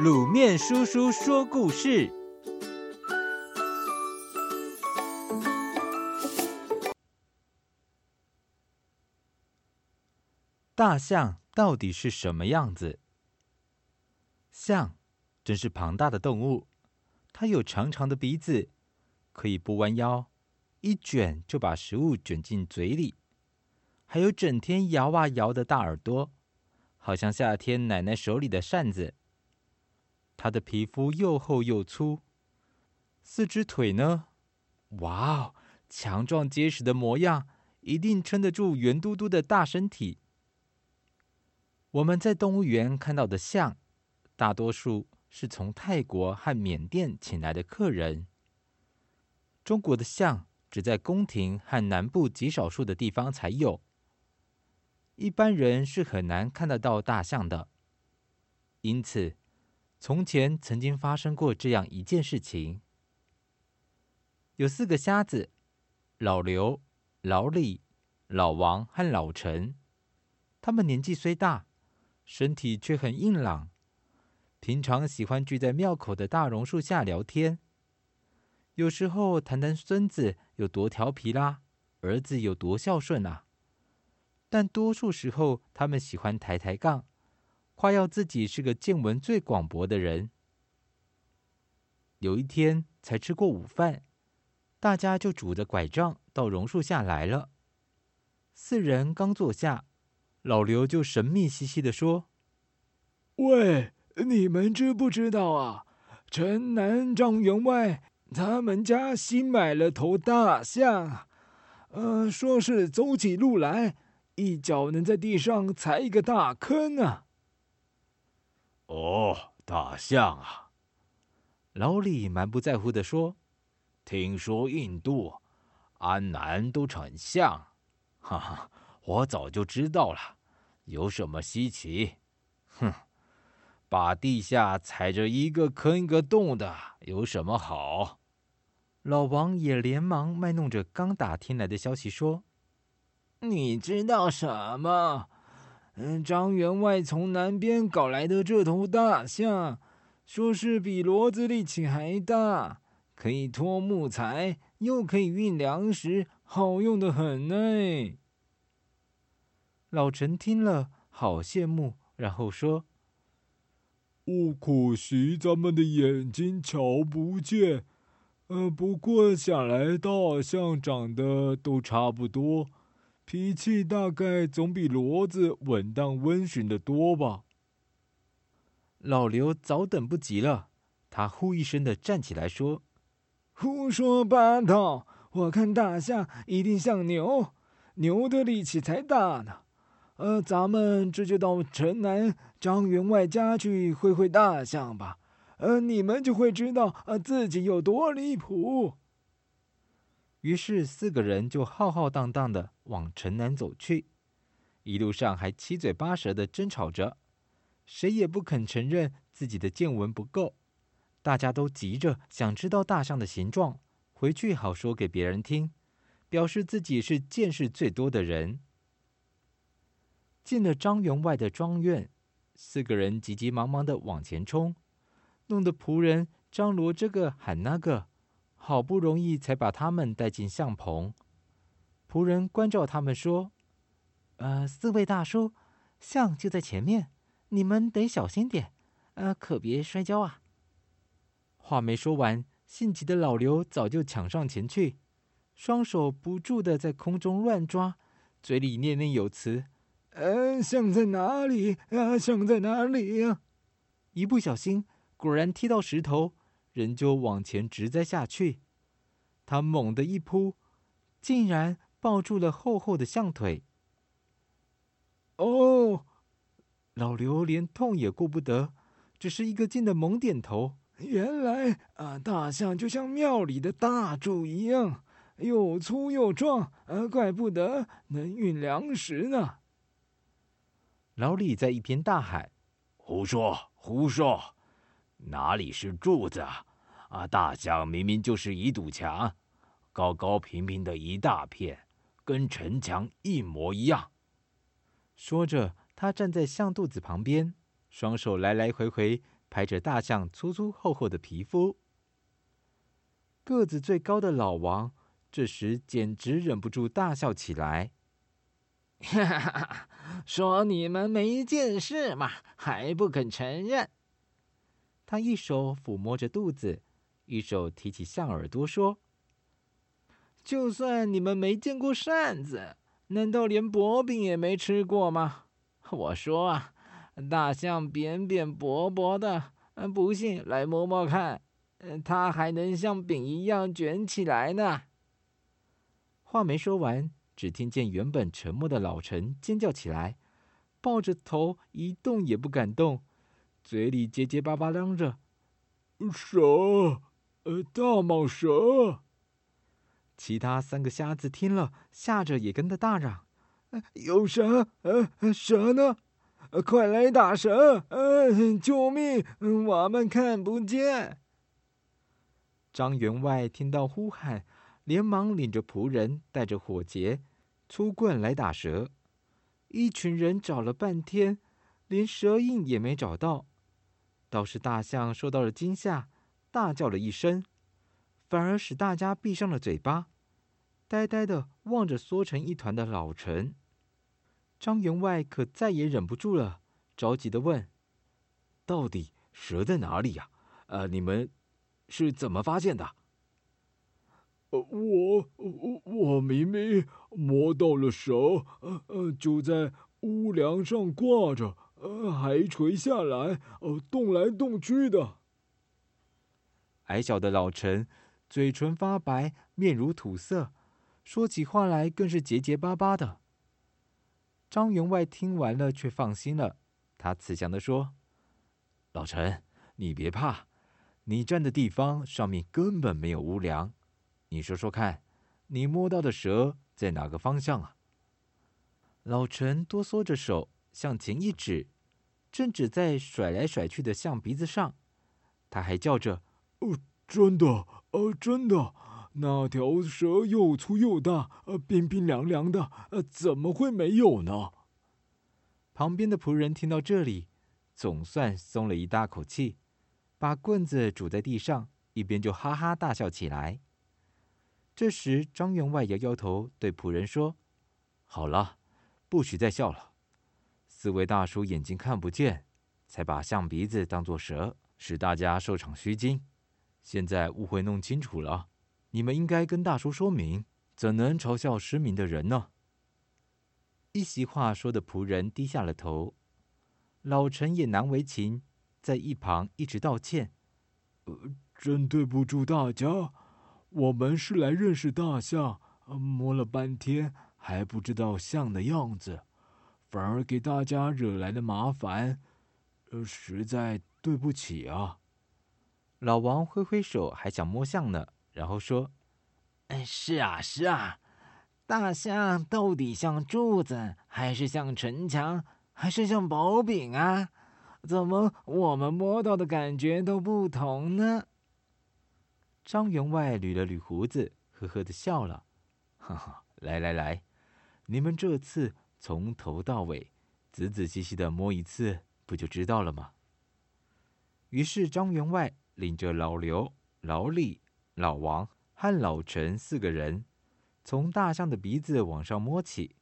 滷麵叔叔說故事：大象到底是什麼樣子？象，真是龐大的動物。它有長長的鼻子，可以不彎腰，一卷就把食物卷進嘴裡。還有整天搖啊搖的大耳朵，好像夏天奶奶手裡的扇子。它的皮膚又厚又粗，四只腿呢？哇哦，強壯結實的模樣，一定撐得住圓嘟嘟的大身體。我們在動物園看到的象，大多數是從泰國和緬甸請來的客人。中國的象只在宮廷和南部極少數的地方才有，一般人是很難看得到大象的。因此。從前曾經發生過這樣一件事情。有四個瞎子，老劉、老李、老王和老陳。他們年紀雖大，身體卻很硬朗，平常喜歡聚在廟口的大榕樹下聊天，有時候談談孫子有多調皮啦、啊，兒子有多孝順啊。但多數時候，他們喜歡抬抬槓。誇耀自己是個見聞最廣博的人。有一天才吃過午飯，大家就拄着拐杖到榕樹下來了。四人剛坐下，老劉就神秘兮兮地說：“喂，你們知不知道啊？城南張員外他們家新買了頭大象，呃，說是走起路來一腳能在地上踩一個大坑啊！”哦，oh, 大象啊！老李滿不在乎地說：“聽說印度、安南都產象，哈哈，我早就知道了，有什麼稀奇？哼，把地下踩着一個坑一個洞的，有什麼好？”老王也連忙賣弄着剛打聽來的消息說：“你知道什麼？”嗯，張員外從南邊搞來的這頭大象，說是比騾子力氣還大，可以拖木材，又可以運糧食，好用得很呢，哎。老陳聽了，好羨慕，然後說：“可惜咱們的眼睛瞧不見，嗯，呃，不過想來大象長得都差不多。”脾氣大概總比騾子穩當溫馴的多吧？老劉早等不及了，他呼一聲的站起來說：“胡說八道！我看大象一定像牛，牛的力氣才大呢。呃，咱們這就到城南張員外家去會會大象吧。呃，你們就會知道呃自己有多離譜。”於是四個人就浩浩蕩蕩地往城南走去，一路上還七嘴八舌地爭吵着，誰也不肯承認自己的見聞不夠。大家都急着想知道大象的形狀，回去好說給別人聽，表示自己是見識最多的人。進了張員外的莊院，四個人急急忙忙地往前衝，弄得僕人張羅這個喊那個。好不容易才把他們帶進象棚，僕人關照他們說：“呃，四位大叔，象就在前面，你們得小心點，呃，可別摔跤啊。”話沒說完，性急的老劉早就搶上前去，雙手不住的在空中亂抓，嘴裡念念有詞：“呃，象在哪裡？啊，象在哪裡呀？”一不小心，果然踢到石頭。人就往前直栽下去，他猛地一撲，竟然抱住了厚厚的象腿。哦，老劉連痛也顧不得，只是一個勁的猛點頭。原來啊，大象就像廟裡的大柱一樣，又粗又壯，啊，怪不得能運糧食呢。老李在一邊大喊：“胡說，胡說！”哪裡是柱子啊？啊，大象明明就是一堵牆，高高平平的一大片，跟城牆一模一樣。說着，他站在象肚子旁邊，雙手來來回回拍着大象粗粗厚厚的皮膚。個子最高的老王這時簡直忍不住大笑起來：“哈哈哈哈！說你們沒見識嘛，還不肯承認。”他一手撫摸着肚子，一手提起象耳朵說：“就算你們沒見過扇子，難道連薄餅也沒吃過嗎？我說啊，大象扁扁薄薄的，不信來摸摸看，它還能像餅一樣捲起來呢。”話沒說完，只聽見原本沉默的老陳尖叫起來，抱着頭一動也不敢動。嘴裡結結巴巴嚷着：“蛇，呃，大蟒蛇。”其他三個瞎子聽了，嚇着也跟着大嚷：“呃，有蛇，呃，蛇呢？呃，快來打蛇！呃，救命！呃，我們看不見。”張員外聽到呼喊，連忙領着僕人，帶着火結、粗棍來打蛇。一群人找了半天，連蛇印也沒找到。倒是大象受到了驚嚇，大叫了一聲，反而使大家閉上了嘴巴，呆呆的望着縮成一團的老陳。張員外可再也忍不住了，着急的問：“到底蛇在哪裡呀？呃，你們是怎麼發現的？”“呃，我我我明明摸到了蛇，呃呃，就在屋梁上掛着。”呃，還垂下來，哦，動來動去的。矮小的老陳，嘴唇發白，面如土色，說起話來更是結結巴巴的。張員外聽完了，卻放心了。他慈祥地說：“老陳，你別怕，你站的地方上面根本沒有屋梁。你說說看，你摸到的蛇在哪個方向啊？”老陳哆嗦着手向前一指。正指在甩來甩去的象鼻子上，他還叫着：“哦、呃，真的，呃，真的，那條蛇又粗又大，呃，冰冰涼涼的，呃，怎麼會沒有呢？”旁邊的僕人聽到這裡，總算鬆了一大口氣，把棍子拄在地上，一邊就哈哈大笑起來。這時，張員外搖搖搖頭，對僕人說：“好了，不許再笑了。”四位大叔眼睛看不見，才把象鼻子當作蛇，使大家受場虛驚。現在誤會弄清楚了，你們應該跟大叔說明，怎能嘲笑失明的人呢？一席話說的僕人低下了頭，老臣也難為情，在一旁一直道歉。呃，真對不住大家，我們是來認識大象，摸了半天還不知道象的樣子。反而給大家惹來的麻煩，呃，實在對不起啊！老王揮揮手，還想摸象呢，然後說：“哎，是啊，是啊，大象到底像柱子，還是像城牆，還是像薄餅啊？怎麼我們摸到的感覺都不同呢？”張員外捋了捋鬍子，呵呵地笑了，哈哈，來來來，你們這次。從頭到尾，仔仔細細地摸一次，不就知道了嗎？於是張員外領着老劉、老李、老王和老陳四個人，從大象的鼻子往上摸起，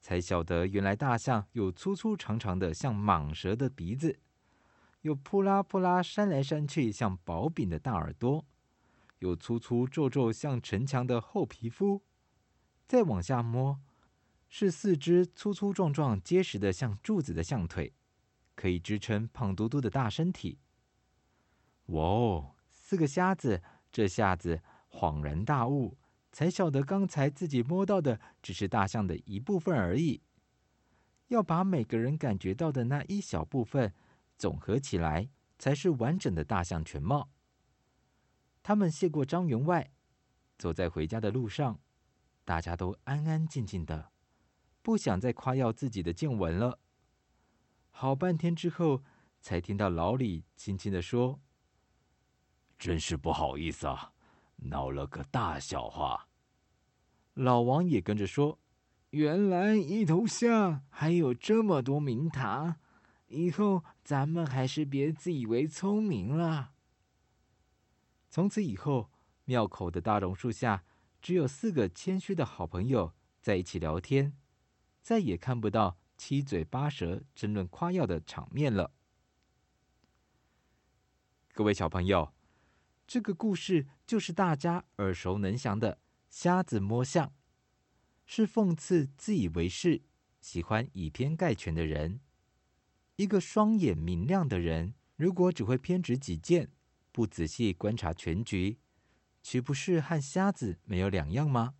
才曉得原來大象有粗粗長長的像蟒蛇的鼻子，有撲啦撲啦扇來扇去像薄餅的大耳朵，有粗粗皺皺像城牆的厚皮膚。再往下摸。是四隻粗粗壯壯、結實的像柱子的象腿，可以支撐胖嘟嘟的大身體。哇哦！四個瞎子這下子恍然大悟，才曉得剛才自己摸到的只是大象的一部分而已。要把每個人感覺到的那一小部分總合起來，才是完整的大象全貌。他們謝過張員外，走在回家的路上，大家都安安靜靜的。不想再誇耀自己的見聞了。好半天之後，才聽到老李輕輕的說：“真是不好意思啊，鬧了個大笑話。”老王也跟着說：“原來一頭象還有這麼多名堂，以後咱們還是別自以為聰明了。”從此以後，廟口的大榕樹下，只有四個謙虛的好朋友在一起聊天。再也看不到七嘴八舌爭論誇耀的場面了。各位小朋友，這個故事就是大家耳熟能詳的“瞎子摸象”，是諷刺自以為是、喜歡以偏概全的人。一個雙眼明亮的人，如果只會偏執己見，不仔細觀察全局，豈不是和瞎子沒有兩樣嗎？